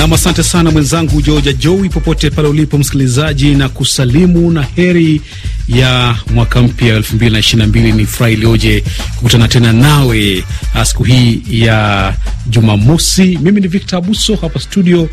Nam, asante sana mwenzangu Joja joi popote pale ulipo msikilizaji, na kusalimu na heri ya mwaka mpya 2022. Ni furaha iliyoje kukutana tena nawe ah, siku hii ya Jumamosi. Mimi ni Victor Abuso hapa studio,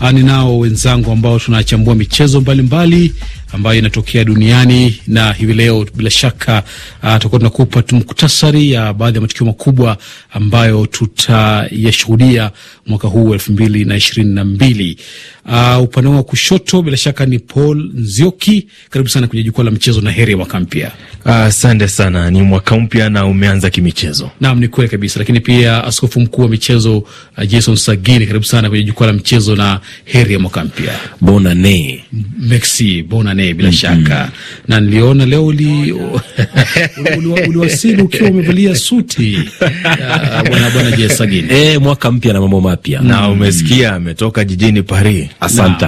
ah, ninao wenzangu ambao tunachambua michezo mbalimbali mbali ambayo inatokea duniani, na hivi leo bila shaka ah, tutakuwa tunakupa muktasari ya baadhi ya matukio makubwa ambayo tutayashuhudia mwaka huu elfu mbili na ishirini na mbili. Uh, upande wa kushoto bila shaka ni Paul Nzioki, karibu sana kwenye jukwaa la michezo na heri ya mwaka mpya. Asante uh, sana, ni mwaka mpya na umeanza kimichezo. Naam, ni kweli kabisa, lakini pia askofu mkuu wa michezo uh, Jason Sagini, karibu sana kwenye jukwaa la michezo na heri ya mwaka mpya. Bonane merci, bonane bila mm -hmm. shaka, na niliona leo uli uliwasili ukiwa umevalia suti ah, bwana bwana Jason Sagini. Eh, mwaka mpya na mambo mapya na umesikia ametoka jijini Paris Asante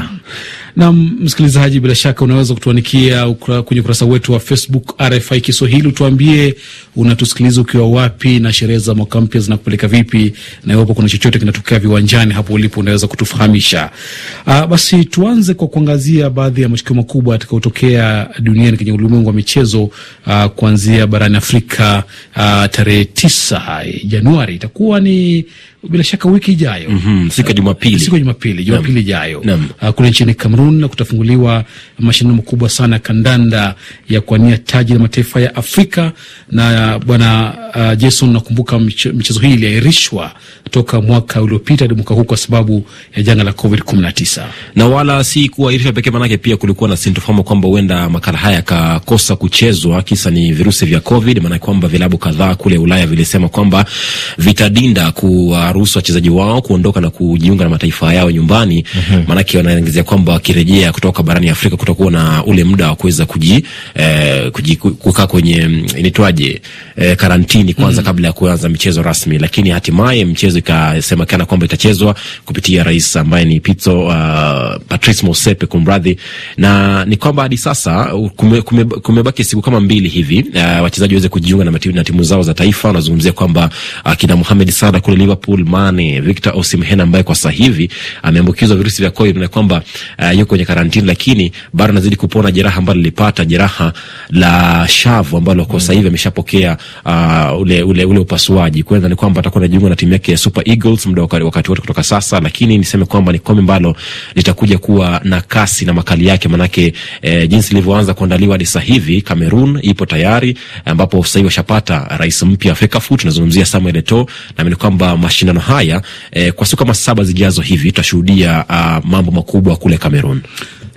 na msikilizaji, bila shaka unaweza kutuanikia kwenye ukurasa wetu wa Facebook RFI Kiswahili. Tuambie unatusikiliza ukiwa wapi, na sherehe za mwaka mpya zinakupeleka vipi, na iwapo kuna chochote kinatokea viwanjani hapo ulipo unaweza kutufahamisha. Uh, basi tuanze kwa kuangazia baadhi ya matukio makubwa yatakayotokea duniani kwenye ulimwengu wa michezo. uh, kuanzia barani Afrika ah, tarehe tisa eh, Januari itakuwa ni bila shaka wiki ijayo mm -hmm. siku ya Jumapili, siku ya Jumapili, Jumapili ijayo uh, kule nchini Kamerun na kutafunguliwa mashindano makubwa sana kandanda ya kuania taji la mataifa ya Afrika na bwana uh, Jason, nakumbuka michezo hii iliahirishwa toka mwaka uliopita hadi mwaka huu kwa sababu ya janga la COVID 19, na wala si kuahirisha pekee, manake pia kulikuwa na sintofahamu kwamba huenda makala haya yakakosa kuchezwa, kisa ni virusi vya COVID, maana kwamba vilabu kadhaa kule Ulaya vilisema kwamba vitadinda ku uh, hawaruhusu wachezaji wao kuondoka na kujiunga na mataifa yao nyumbani, maanake mhm. wanaangazia kwamba wakirejea kutoka barani Afrika kutakuwa na ule muda wa kuweza kuji, eh, kuji kukaa kwenye mm, inaitwaje eh, karantini kwanza mm -hmm. kabla ya kuanza michezo rasmi, lakini hatimaye mchezo ikasemekana kwamba itachezwa kupitia rais ambaye ni Pito, uh, Patrice Motsepe kumradhi, na ni kwamba hadi sasa kumebaki uh, kume, kume siku kama mbili hivi uh, wachezaji waweze kujiunga na, timu zao za taifa. Wanazungumzia kwamba uh, kina Mohamed Salah kule Liverpool Sadio Victor Osimhen ambaye kwa sasa hivi ameambukizwa virusi vya COVID na kwamba uh, yuko kwenye karantini, lakini bado anazidi kupona jeraha ambalo lilipata jeraha la shavu ambalo kwa mm. sasa hivi ameshapokea uh, ule, ule, ule upasuaji. Kwanza ni kwamba atakuwa anajiunga na timu yake ya Super Eagles muda wakati wote kutoka sasa, lakini niseme kwamba ni kombe ambalo litakuja kuwa na kasi na makali yake, manake eh, jinsi lilivyoanza kuandaliwa hadi sasa hivi, Cameroon ipo tayari ambapo sasa hivi washapata rais mpya Afrika Foot, tunazungumzia Samuel Eto'o, na ni kwamba mashindano mashindano haya eh, kwa siku kama saba zijazo hivi tutashuhudia uh, mambo makubwa kule Cameroon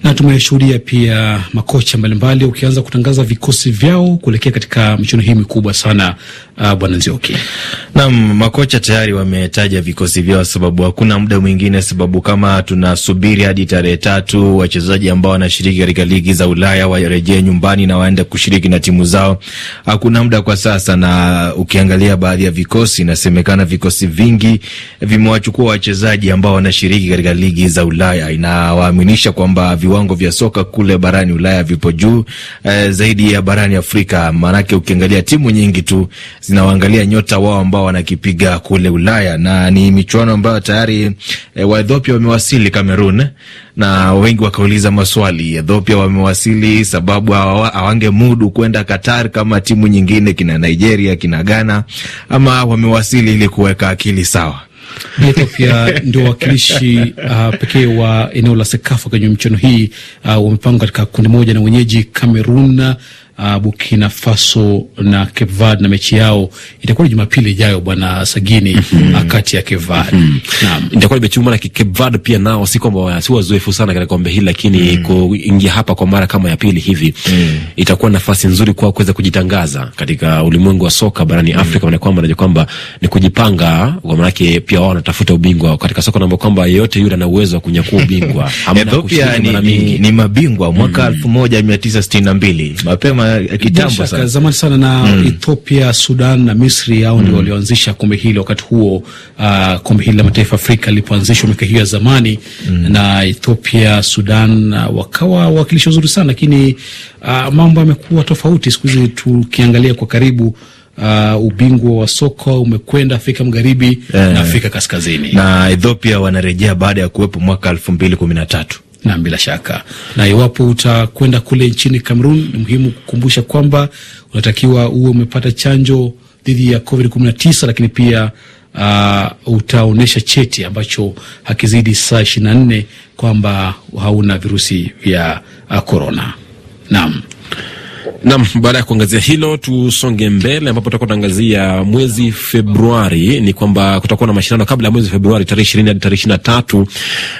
na tumeshuhudia pia makocha mbalimbali ukianza kutangaza vikosi vyao kuelekea katika michuano hii mikubwa sana. Uh, bwana Nzioki, naam, makocha tayari wametaja vikosi vyao, sababu hakuna muda mwingine, sababu kama tunasubiri hadi tarehe tatu wachezaji ambao wanashiriki katika ligi za Ulaya warejee nyumbani na waende kushiriki na timu zao, hakuna muda kwa sasa. Na ukiangalia baadhi ya vikosi, inasemekana vikosi vingi vimewachukua wachezaji ambao wanashiriki katika ligi za Ulaya, inawaaminisha kwamba viwa viwango vya soka kule barani Ulaya vipo juu eh, zaidi ya barani Afrika. Maanake ukiangalia timu nyingi tu zinawaangalia nyota wao ambao wanakipiga kule Ulaya, na ni michuano ambayo tayari eh, Waethiopia wamewasili Cameroon na wengi wakauliza maswali. Ethiopia wamewasili sababu mudu kwenda Qatar kama timu nyingine kina Nigeria, kina Ghana, ama wamewasili ili kuweka akili sawa. Bila pia ndio wakilishi uh, pekee wa eneo la Sekafa kwenye michuano hii uh, wamepangwa katika kundi moja na wenyeji Kamerun uh, Burkina Faso na Cape Verde na mechi yao itakuwa ni Jumapili ijayo, bwana Sagini. mm -hmm. kati ya Cape Verde mm -hmm. naam, itakuwa imechuma na, mbona. Cape Verde pia nao si kwamba si wazoefu sana katika kombe hili, lakini mm -hmm. kuingia hapa kwa mara kama ya pili hivi mm -hmm. itakuwa nafasi nzuri kwa kuweza kujitangaza katika ulimwengu wa soka barani mm -hmm. Afrika, maana kwamba najua kwamba ni kujipanga kwa maana yake, pia wao wanatafuta ubingwa katika soka, naomba kwamba yeyote yule ana uwezo wa kunyakua ubingwa. Ethiopia ni, ni, ni mabingwa mwaka 1962 mm -hmm. mapema kitambo sana, zamani sana na mm. Ethiopia, Sudan na Misri hao ndio mm. walioanzisha kombe hili wakati huo. Uh, kombe hili la mataifa Afrika lilipoanzishwa miaka hiyo ya zamani mm. na Ethiopia, Sudan wakawa wakilisho zuri sana, lakini uh, mambo yamekuwa tofauti siku hizi tukiangalia kwa karibu. Uh, ubingwa wa soka umekwenda Afrika Magharibi yeah. na eh. Afrika Kaskazini na Ethiopia wanarejea baada ya kuwepo mwaka elfu mbili kumi na tatu na bila shaka. Na iwapo utakwenda kule nchini Cameroon, ni muhimu kukumbusha kwamba unatakiwa uwe umepata chanjo dhidi ya Covid 19 lakini pia uh, utaonyesha cheti ambacho hakizidi saa 24 kwamba hauna virusi vya korona. Uh, Naam. Nam, baada ya kuangazia hilo, tusonge mbele ambapo tutakuwa tunaangazia mwezi Februari. Ni kwamba kutakuwa na mashindano kabla ya mwezi Februari, tarehe ishirini hadi tarehe ishirini na tatu.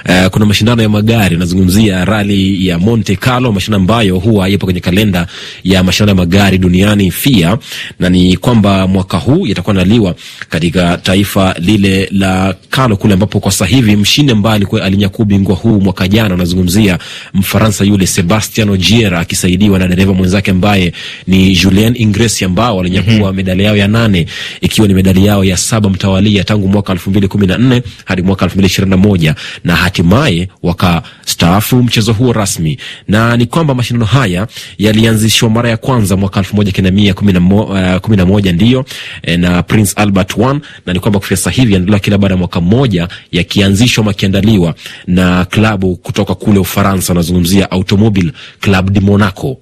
Uh, kuna mashindano ya magari, nazungumzia rali ya Monte Carlo, mashindano ambayo huwa ipo kwenye kalenda ya mashindano ya magari duniani FIA, na ni kwamba mwaka huu yatakuwa naliwa katika taifa lile la Carlo kule, ambapo kwa sasa hivi mshindi ambaye alikuwa alinyakua bingwa huu mwaka jana, nazungumzia Mfaransa yule Sebastian Ogier akisaidiwa na dereva mwenzake ambaye ni Julien Ingresi ambao walinyakua mm -hmm. medali yao ya nane ikiwa ni medali yao ya saba mtawalia tangu mwaka 2014 hadi mwaka 2021 na hatimaye wakastaafu mchezo huo rasmi. Na ni kwamba mashindano haya yalianzishwa mara ya kwanza mwaka 1911 eh, ndio eh, na Prince Albert one na ni kwamba kufikia sasa hivi yanaendelea kila baada ya mwaka mmoja yakianzishwa makiandaliwa na klabu kutoka kule Ufaransa, wanazungumzia Automobile Club de Monaco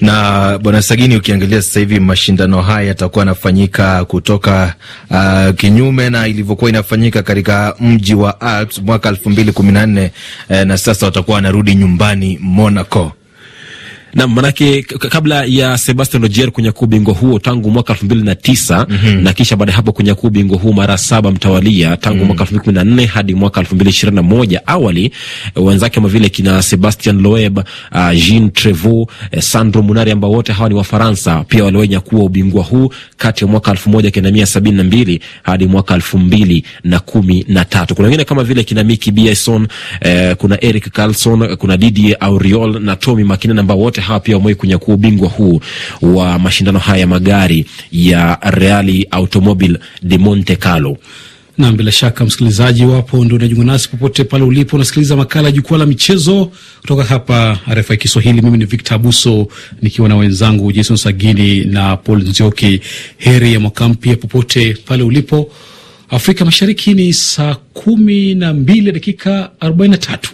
na bwana Sagini, ukiangalia sasa hivi mashindano haya yatakuwa yanafanyika kutoka uh, kinyume na ilivyokuwa inafanyika katika mji wa Alps mwaka elfu mbili kumi na nne eh, na sasa watakuwa wanarudi nyumbani Monaco na manake kabla ya Sebastian Ogier kunyakua ubingwa huo tangu mwaka elfu mbili na tisa mm -hmm. na kisha baada ya hapo kunyakua ubingwa huu mara saba mtawalia tangu mm -hmm. mwaka elfu mbili kumi na nne hadi mwaka elfu mbili ishirini na moja Awali eh, wenzake kama vile kina Sebastian Loeb, uh, Jean Trevoux, eh, Sandro Munari ambao wote hawa ni Wafaransa pia waliwahi nyakua ubingwa huu kati ya mwaka elfu moja kenda mia sabini na mbili hadi mwaka elfu mbili na kumi na tatu. Kuna wengine kama vile kina Miki Bison, eh, kuna Eric Carlson, kuna Didier Auriol na Tommy Makinen ambao wote hawa pia wamewahi kunyakua ubingwa huu wa mashindano haya ya magari ya Reali Automobile de Monte Carlo. Na bila shaka msikilizaji wapo ndio unajiunga nasi popote pale ulipo unasikiliza makala ya jukwaa la michezo kutoka hapa RFI Kiswahili. Mimi ni Victor Abuso nikiwa na wenzangu Jason Sagini na Paul Nzioki. Heri ya mwaka mpya popote pale ulipo. Afrika Mashariki ni saa kumi na mbili dakika arobaini na tatu.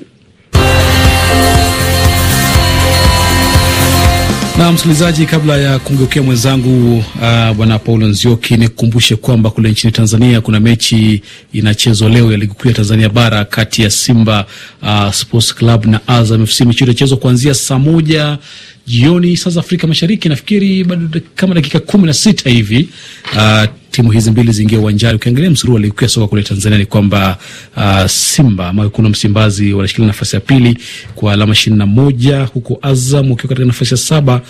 Na msikilizaji, kabla ya kumgeukia mwenzangu uh, bwana Paulo Nzioki, nikukumbushe kwamba kule nchini Tanzania kuna mechi inachezwa leo ya ligi kuu ya Tanzania bara kati ya Simba uh, Sports Club na Azam FC. Mechi itachezwa kuanzia saa moja jioni saa za Afrika Mashariki, nafikiri bado kama dakika kumi na sita hivi uh, timu hizi mbili ziingia uwanjani. Ukiangalia msururu alikuwa soka kule Tanzania ni kwamba uh, Simba ama kuna Msimbazi wanashikilia nafasi ya pili kwa alama ishirini na moja huku Azam wakiwa katika nafasi ya saba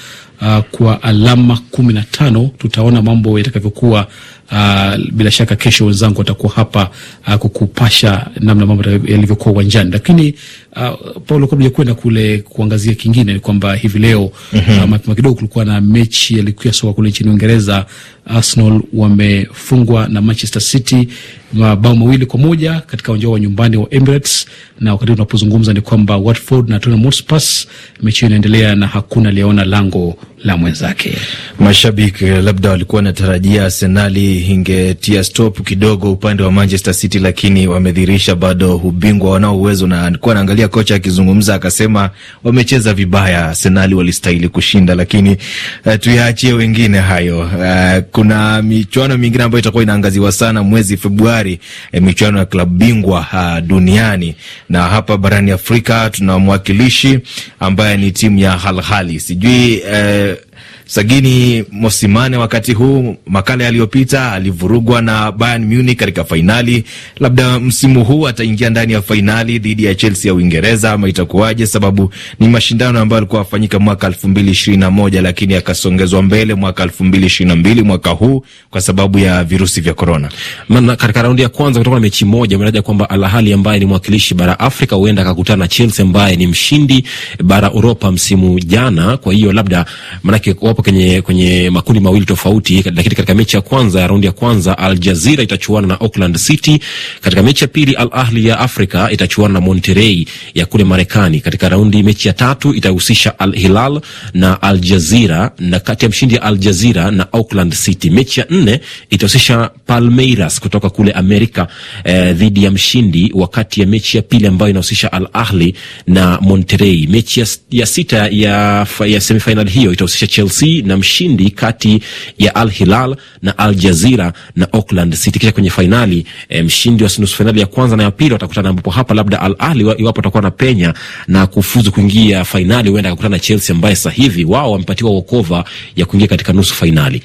uh, kwa alama kumi na tano. Tutaona mambo yatakavyokuwa Uh, bila shaka kesho wenzangu watakuwa hapa uh, kukupasha namna mambo yalivyokuwa uwanjani, lakini uh, Paulo, kabla ya kwenda kule kuangazia kingine, ni kwamba hivi leo mm -hmm. uh, mapema kidogo kulikuwa na mechi yalikuwa soka kule nchini Uingereza. Arsenal wamefungwa na Manchester City mabao mawili kwa moja katika uwanja wa nyumbani wa Emirates. Na wakati tunapozungumza ni kwamba Watford na Tottenham Hotspur mechi inaendelea na hakuna aliyeona lango la mwenzake. Mashabiki labda walikuwa wanatarajia Arsenali ingetia stop kidogo upande wa Manchester City, lakini wamedhirisha bado ubingwa, wanao uwezo, na alikuwa anaangalia kocha akizungumza akasema wamecheza vibaya, Arsenal walistahili kushinda, lakini uh, tuyaachie wengine hayo. Uh, kuna michuano mingine ambayo itakuwa inaangaziwa sana mwezi Februari tayari e, eh, michuano ya klabu bingwa duniani. Na hapa barani Afrika tuna mwakilishi ambaye ni timu ya Halhali, sijui e, Sagini Mosimane wakati huu makala yaliyopita alivurugwa na Bayern Munich katika fainali. Labda msimu huu ataingia ndani ya fainali dhidi ya Chelsea ya Uingereza ama itakuwaje? Sababu ni mashindano ambayo alikuwa afanyika mwaka elfu mbili ishirini na moja lakini akasongezwa mbele mwaka elfu mbili ishirini na mbili mwaka huu kwa sababu ya virusi vya korona. Maana katika raundi ya kwanza kutoka na mechi moja ametaja kwamba Alahali ambaye ni mwakilishi bara Afrika huenda akakutana na Chelsea ambaye ni mshindi bara Uropa msimu jana. Kwa hiyo labda manake kwa wapo kwenye, kwenye makundi mawili tofauti, lakini katika mechi ya kwanza ya raundi ya kwanza Al Jazira itachuana na Auckland City. Katika mechi ya pili Al Ahli ya Afrika itachuana na Monterey ya kule Marekani. Katika raundi mechi ya tatu itahusisha Al Hilal na Al Jazira, na kati ya mshindi Al Jazira na Auckland City. Mechi ya nne itahusisha Palmeiras kutoka kule Amerika eh, dhidi eh, ya mshindi wakati ya mechi ya pili ambayo inahusisha Al Ahli na Monterey. Mechi ya, ya sita ya, ya semifinal hiyo itahusisha Chelsea na mshindi kati ya Al Hilal na Al Jazira na Auckland City. Kisha kwenye fainali e, eh, mshindi wa nusu fainali ya kwanza na ya pili watakutana, ambapo hapa labda Al Ahli iwapo atakuwa na penya na kufuzu kuingia fainali, huenda akakutana na Chelsea ambaye sasa hivi wao wamepatiwa wokova ya kuingia katika nusu fainali.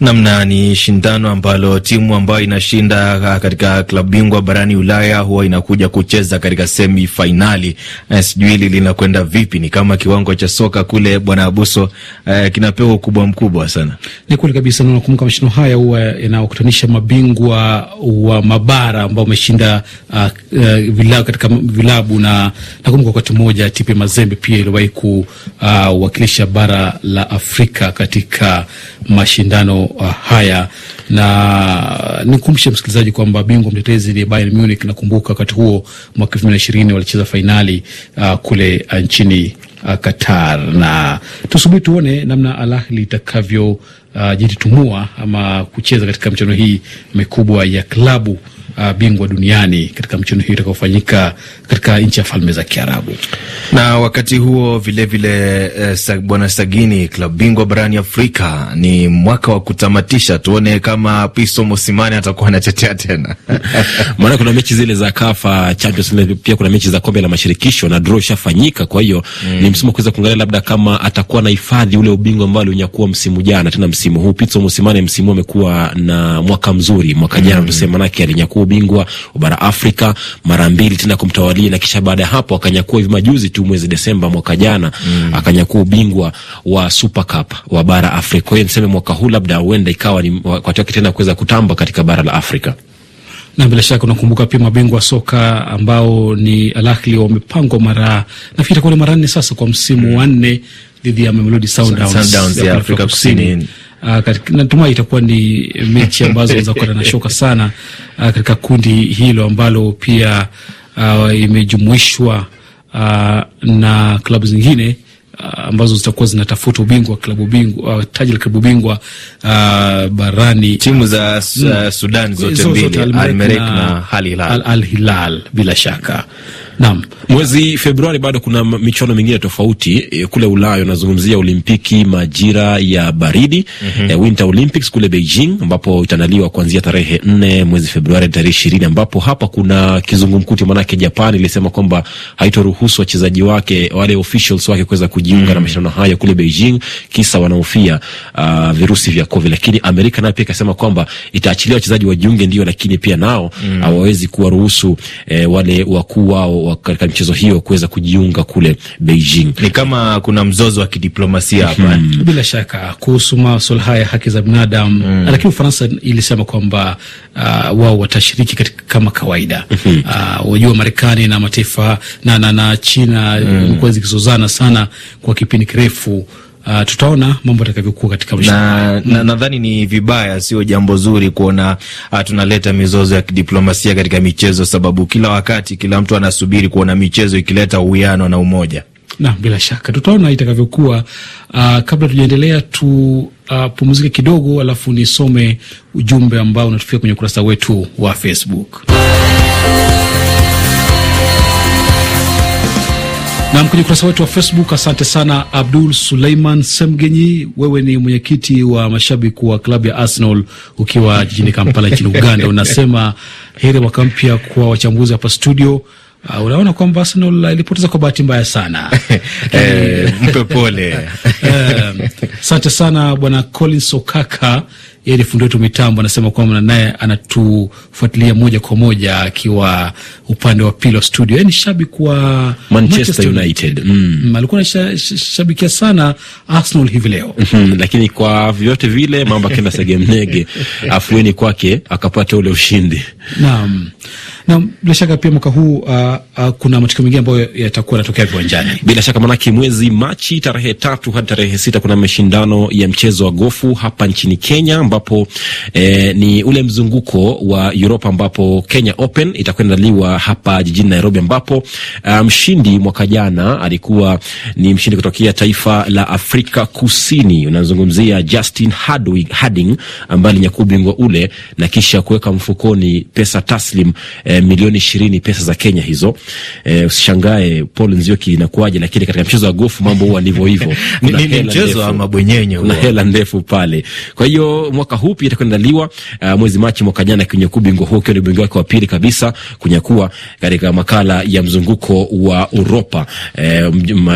Namna ni shindano ambalo timu ambayo inashinda ah, katika klabu bingwa barani Ulaya huwa inakuja kucheza katika semi fainali. Eh, sijui hili linakwenda vipi, ni kama kiwango cha soka kule bwana Abuso eh, kina unapewa kubwa mkubwa sana. Ni kweli kabisa, na nakumbuka mashindano haya huwa yanakutanisha mabingwa wa mabara ambao wameshinda uh, uh, vilabu katika vilabu, na nakumbuka wakati mmoja TP Mazembe pia iliwahi kuwakilisha ah, uh, bara la Afrika katika mashindano uh, haya, na nikumbushe msikilizaji kwamba bingwa mtetezi ni Bayern Munich. Nakumbuka wakati huo mwaka elfu mbili na ishirini walicheza fainali uh, kule uh, nchini uh, Qatar, na tusubiri tuone namna Al Ahly itakavyo uh, jititumua ama kucheza katika michuano hii mikubwa ya klabu uh, bingwa duniani katika mchuano hiyo itakaofanyika katika nchi ya Falme za Kiarabu. Na wakati huo vilevile vile, eh, bwana Sagini, klabu bingwa barani Afrika, ni mwaka wa kutamatisha. Tuone kama Piso Mosimani atakuwa anatetea tena maana kuna mechi zile za Kafa Champions League, pia kuna mechi za kombe la mashirikisho na draw ishafanyika. Kwa hiyo mm, ni msimu kuweza kuangalia labda kama atakuwa na hifadhi ule ubingwa ambao aliunyakuwa msimu jana, tena msimu huu Pisto Mosimani msimu amekuwa na mwaka mzuri. Mwaka jana mm, tuseme manake alinyakua ubingwa wa bara Afrika mara mbili tena kumtawalia, na kisha baada ya hapo akanyakua hivi majuzi tu mwezi Desemba mwaka jana mm. akanyakua ubingwa wa Super Cup wa bara Afrika. Kwa hiyo niseme mwaka huu labda huenda ikawa ni wakati wake tena kuweza kutamba katika bara la Afrika na bila shaka unakumbuka pia mabingwa wa soka ambao ni Al Ahly wamepangwa mara nafikiri itakuwa ni mara nne sasa kwa msimu wa nne dhidi ya Mamelodi Sundowns ya Afrika Kusini. Ah, natumai itakuwa ni mechi ambazo za kuwa na shoka sana uh, katika kundi hilo ambalo pia uh, imejumuishwa uh, na klabu zingine uh, ambazo zitakuwa zinatafuta ubingwa klabu bingwa uh, taji la klabu bingwa uh, barani timu za uh, Sudan zote mbili Al Merrikh na Al Hilal, Al bila shaka. Naam, mwezi Februari bado kuna michuano mingine tofauti e, kule Ulaya unazungumzia Olimpiki majira ya baridi mm -hmm. E, Winter Olympics kule Beijing ambapo itaandaliwa kuanzia tarehe nne mwezi Februari tarehe ishirini ambapo hapa kuna kizungumkuti, maanake Japan ilisema kwamba haitoruhusu wachezaji wake wale officials wake kuweza kujiunga mm -hmm. na mhm. mashindano haya kule Beijing, kisa wanahofia uh, ah, virusi vya Covid, lakini Amerika nayo pia ikasema kwamba itaachilia wachezaji wajiunge ndio, lakini pia nao mm. hawawezi mm -hmm. kuwaruhusu eh, wale wakuu wao katika michezo hiyo kuweza kujiunga kule Beijing. Ni kama kuna mzozo wa kidiplomasia hapa hmm. Bila shaka kuhusu masuala haya haki za binadamu hmm. Lakini Ufaransa ilisema kwamba uh, wao watashiriki katika kama kawaida hmm. Uh, wajua Marekani na mataifa na, na, na China imekuwa hmm. zikizozana sana kwa kipindi kirefu Uh, tutaona mambo atakavyokuwa katika na, na, hmm. nadhani ni vibaya, sio jambo zuri kuona uh, tunaleta mizozo ya kidiplomasia katika michezo, sababu kila wakati kila mtu anasubiri kuona michezo ikileta uwiano na umoja. Na bila shaka tutaona itakavyokuwa. Uh, kabla tujaendelea tu uh, kidogo, alafu nisome ujumbe ambao unatufika kwenye ukurasa wetu wa Facebook Nam kwenye ukurasa wetu wa Facebook. Asante sana Abdul Suleiman Semgenyi, wewe ni mwenyekiti wa mashabiki wa klabu ya Arsenal ukiwa jijini Kampala nchini Uganda. Unasema heri mwaka mpya kwa wachambuzi hapa studio. Uh, unaona kwamba Arsenal ah, ilipoteza kwa bahati mbaya sana eh, mpe pole. Eh, asante sana bwana Collins Okaka yeye fundi wetu mitambo anasema kwamba naye anatufuatilia moja kwa moja akiwa upande wa pili wa studio. Yeye ni shabiki wa Manchester United, mm. mm alikuwa anashabikia sana Arsenal hivi leo mm -hmm. Lakini kwa vyote vile mambo akaenda segemnege, afueni kwake akapata ule ushindi Naam, Na bila shaka pia mwaka huu uh, uh, kuna matukio mengine ambayo yatakuwa yanatokea viwanjani bila shaka, manake mwezi Machi tarehe tatu hadi tarehe sita kuna mashindano ya mchezo wa gofu hapa nchini Kenya, ambapo eh, ni ule mzunguko wa Europa ambapo Kenya Open itakuwa inaandaliwa hapa jijini Nairobi, ambapo uh, mshindi um, mwaka jana alikuwa ni mshindi kutokea taifa la Afrika Kusini. Unazungumzia Justin Harding ambaye alinyakua ubingwa ule na kisha kuweka mfukoni pesa taslim e, milioni ishirini pesa za Kenya hizo. E, usishangae Paul Nzioki inakuwaje, lakini katika mchezo wa gofu mambo huwa ndivyo hivyo, mchezo wa mabwenyenye, kuna hela ndefu pale. Kwa hiyo mwaka huu pia itakuandaliwa uh, eh, mwezi Machi mwaka jana akinyakua ubingwa huo, ikiwa ni ubingwa wake wa pili kabisa kunyakua katika makala ya mzunguko wa Uropa eh,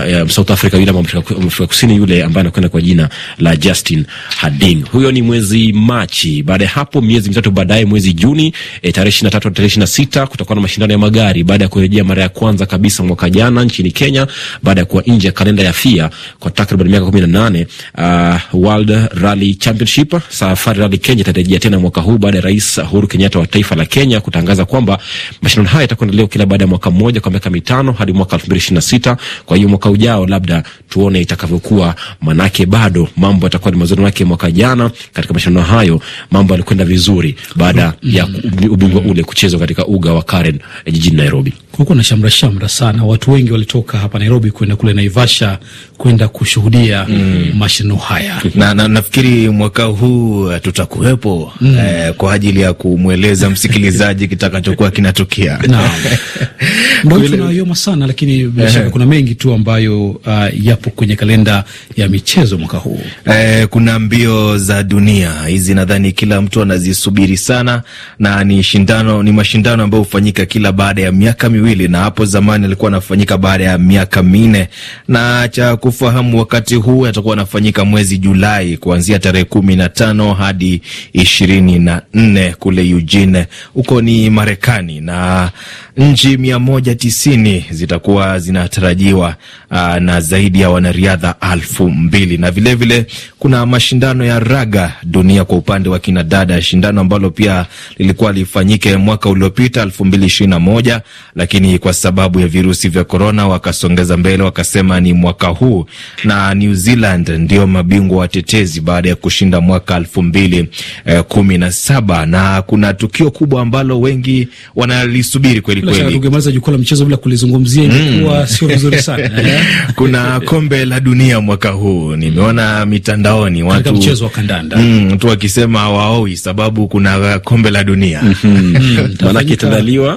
eh, South Africa yule Afrika Kusini yule ambaye anakwenda kwa jina la Justin Harding. Huyo ni mwezi Machi. Baada ya hapo miezi mitatu baadaye mwezi Juni eh, tarehe 23 na tatu tarehe na sita kutakuwa na mashindano ya magari baada ya kurejea mara ya kwanza kabisa mwaka jana nchini Kenya baada ya kuwa nje ya kalenda ya FIA kwa takriban miaka kumi na nane. Uh, World Rally Championship Safari Rally Kenya itarejea tena mwaka huu baada ya Rais Uhuru Kenyatta wa taifa la Kenya kutangaza kwamba mashindano haya yatakuendelea kila baada ya mwaka mmoja kwa miaka mitano hadi mwaka elfu mbili na sita. Kwa hiyo mwaka ujao labda tuone itakavyokuwa, manake bado mambo yatakuwa ni mazuri, manake mwaka jana katika mashindano hayo mambo yalikwenda vizuri baada ya mm ubingwa mm. ule kuchezwa katika uga wa Karen eh, jijini Nairobi. Kulikuwa na shamra shamra sana, watu wengi walitoka hapa Nairobi kwenda kule Naivasha kwenda kushuhudia mm. mashindano haya na, na nafikiri mwaka huu eh, tutakuwepo mm. eh, kwa ajili ya kumweleza msikilizaji kitakachokuwa kinatokea ndio tunayoma sana, lakini bila shaka kuna mengi tu ambayo uh, yapo kwenye kalenda ya michezo mwaka huu eh, kuna mbio za dunia hizi, nadhani kila mtu anazisubiri sana na ni ni shindano, ni mashindano ambayo hufanyika kila baada ya miaka miwili, na hapo zamani alikuwa anafanyika baada ya miaka minne. Na cha kufahamu, wakati huu atakuwa anafanyika mwezi Julai kuanzia tarehe kumi na tano hadi ishirini na nne kule Eugene, huko ni Marekani na Nchi mia moja tisini zitakuwa zinatarajiwa ah, na zaidi ya wanariadha alfu mbili na vilevile vile, kuna mashindano ya raga dunia kwa upande wa kinadada, shindano ambalo pia lilikuwa lifanyike mwaka uliopita elfu mbili ishirini na moja lakini kwa sababu ya virusi vya korona wakasongeza mbele, wakasema ni mwaka huu, na New Zealand ndio mabingwa watetezi baada ya kushinda mwaka elfu mbili eh, kumi na saba na kuna tukio kubwa ambalo wengi wanalisubiri kweli kweli. Tungemaliza jukwaa la bila kulizungumzia, mm. sio vizuri sana eh? kuna kombe la dunia mwaka huu nimeona mitandaoni watu mchezo wa kandanda mm, watu wakisema waoi sababu kuna kombe la dunia mhm. mm, mm, maanake mm,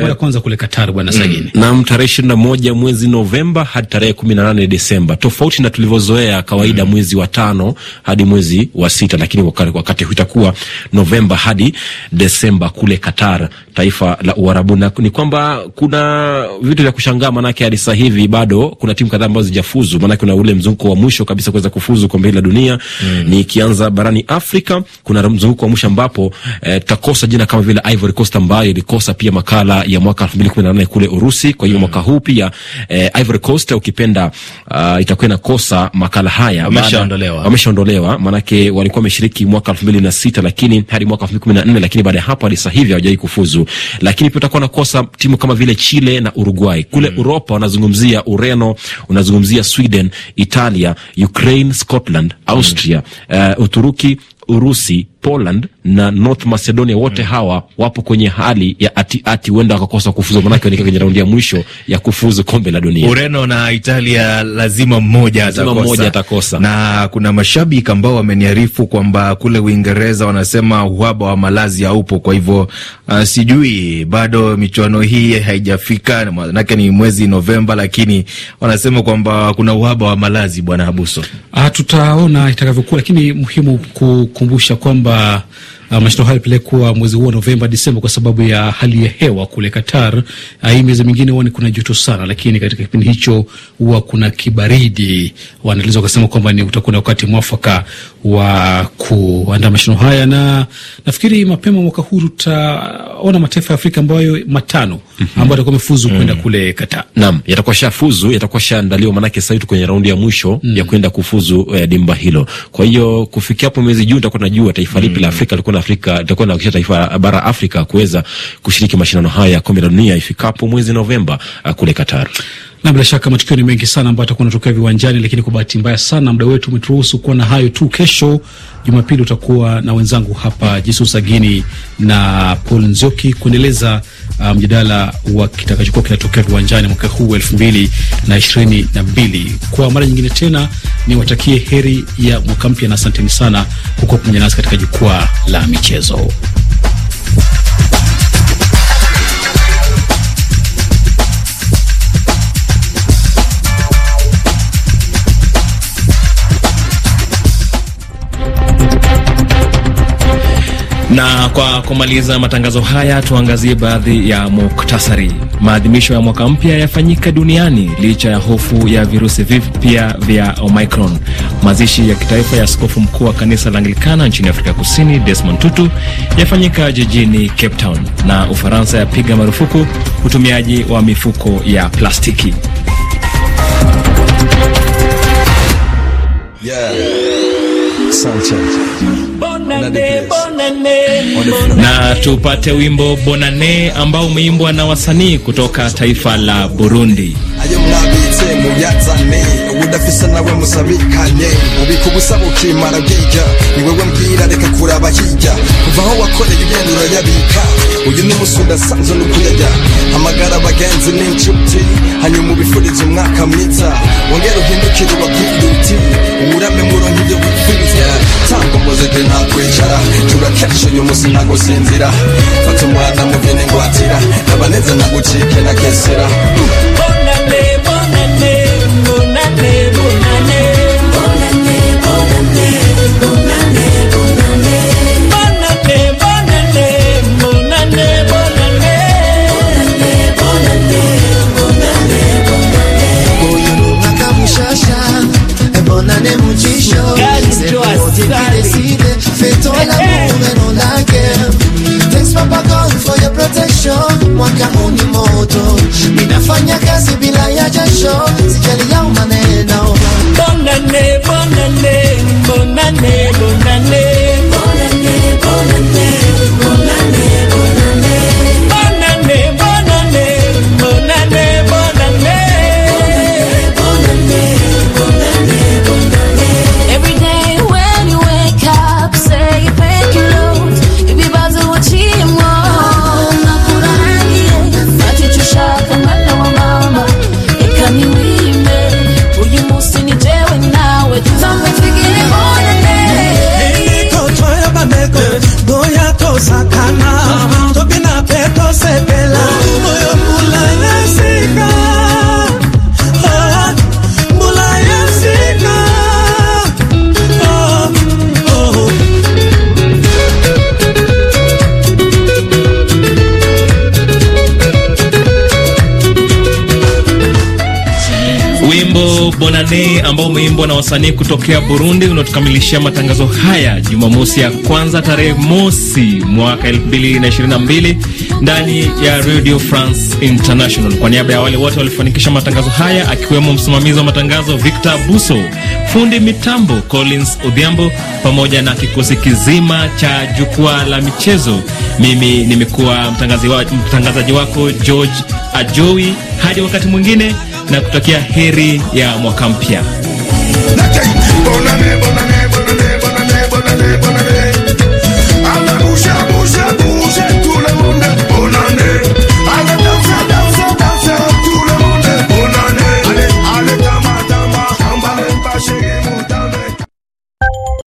kwa eh, kwanza kule bwana Sagini nam tarehe ishirini na moja mwezi Novemba hadi tarehe kumi na nane Desemba, tofauti na tulivyozoea kawaida mm. mwezi wa tano hadi mwezi wa sita, lakini wakati huu itakuwa Novemba hadi Desemba kule Qatar, taifa la Uarabuni ni kwamba kuna vitu vya kushangaa, maanake hadi sasa hivi bado kuna timu kadhaa ambazo zijafuzu, maanake kuna ule mzunguko wa mwisho kabisa kuweza kufuzu kombe la dunia mm. Nikianza barani Afrika kuna mzunguko wa mwisho ambapo eh, tutakosa jina kama vile Ivory Coast ambayo ilikosa pia makala ya mwaka 2018 kule Urusi. Kwa hiyo mm. mwaka huu pia eh, Ivory Coast ukipenda, uh, itakuwa inakosa makala haya, wameshaondolewa wameshaondolewa, maanake walikuwa wameshiriki mwaka 2006 lakini hadi mwaka 2014 lakini baada ya hapo hadi sasa hivi hawajai kufuzu, lakini pia utakuwa na kukosa timu kama vile Chile na Uruguay kule mm. Uropa wanazungumzia Ureno, unazungumzia Sweden, Italia, Ukraine, Scotland, hmm. Austria mm. uh, Uturuki, Urusi Poland na North Macedonia wote mm. hawa wapo kwenye hali ya ati ati, huenda wakakosa kufuzu, manake ni kwenye raundi ya mwisho ya kufuzu kombe la dunia. Ureno na Italia lazima mmoja atakosa, mmoja atakosa. Na kuna mashabiki ambao wameniarifu kwamba kule Uingereza wanasema uhaba wa malazi haupo, kwa hivyo uh, sijui bado michuano hii haijafika, manake ni mwezi Novemba, lakini wanasema kwamba kuna uhaba wa malazi. Bwana Abuso, ah, tutaona itakavyokuwa, lakini muhimu kukumbusha kwamba kuwa uh, mashindano hayo yapelekwa mwezi huu wa Novemba, Disemba kwa sababu ya hali ya hewa kule Qatar. Uh, hii miezi mingine huwa ni kuna joto sana, lakini katika kipindi hicho huwa kuna kibaridi. Wanaeleza wakasema kwamba ni utakuwa na wakati mwafaka wa kuandaa mashindano haya, na nafikiri mapema mwaka huu tutaona mataifa ya Afrika ambayo matano mm -hmm. ambao atakuwa amefuzu kwenda mm -hmm. kule Qatar. Naam, yatakuwa shafuzu, yatakuwa shaandaliwa manake sasa tu kwenye raundi ya mwisho mm -hmm. ya kwenda kufuzu eh, dimba hilo. Kwa hiyo kufikia hapo mwezi Juni tutakuwa tunajua taifa lipi mm -hmm. la Afrika likuwa na Afrika litakuwa na kisha taifa bara Afrika kuweza kushiriki mashindano haya ya kombe la dunia ifikapo mwezi Novemba eh, kule Qatar. Na bila shaka matukio ni mengi sana ambayo atakuwa natokea viwanjani, lakini kwa bahati mbaya sana muda wetu umeturuhusu kuwa na hayo tu. Kesho Jumapili utakuwa na wenzangu hapa Jesus Agini na Paul Nzioki kuendeleza uh, mjadala um, wa kitakachokuwa kinatokea viwanjani mwaka huu elfu mbili na ishirini na mbili. Kwa mara nyingine tena niwatakie heri ya mwaka mpya na asanteni sana huko pamoja nasi katika jukwaa la michezo. Na kwa kumaliza matangazo haya, tuangazie baadhi ya muktasari. Maadhimisho ya mwaka mpya yafanyika duniani licha ya hofu ya virusi vipya vya Omicron. Mazishi ya kitaifa ya askofu mkuu wa kanisa la Anglikana nchini Afrika Kusini Desmond Tutu yafanyika jijini Cape Town, na Ufaransa yapiga marufuku utumiaji wa mifuko ya plastiki. Yeah na tupate wimbo Bonane ambao umeimbwa na wasanii kutoka taifa la Burundi. udafise nawe musabikanye ubika ubusa bukimara bwija ni wewe mbwira reka kuraba hirya kuva aho wakoreye ugenda urayabika uyu ni musi udasanzwe n'ukuyajya hamagara abagenzi n'inshuti hanyuma ubifurize umwaka mwiza wongere uhindukire ubabwire uti uwurame muronke ibyo wipfiriza tanga umuziki ntakwicara cura kenshi uyu musi ntagusinzira fata umwana mugeni ngwatira nabaneze nagucike na kesera bonane bonane Mane ambao umeimbwa na wasanii kutokea Burundi unatukamilishia matangazo haya Jumamosi ya kwanza tarehe mosi mwaka 2022 ndani ya Radio France International. Kwa niaba ya wale wote walifanikisha matangazo haya akiwemo msimamizi wa matangazo Victor Buso, fundi mitambo Collins Odhiambo, pamoja na kikosi kizima cha jukwaa la michezo, mimi nimekuwa mtangazaji wako George ajoi Hadi wakati mwingine na kutakia heri ya mwaka mpya.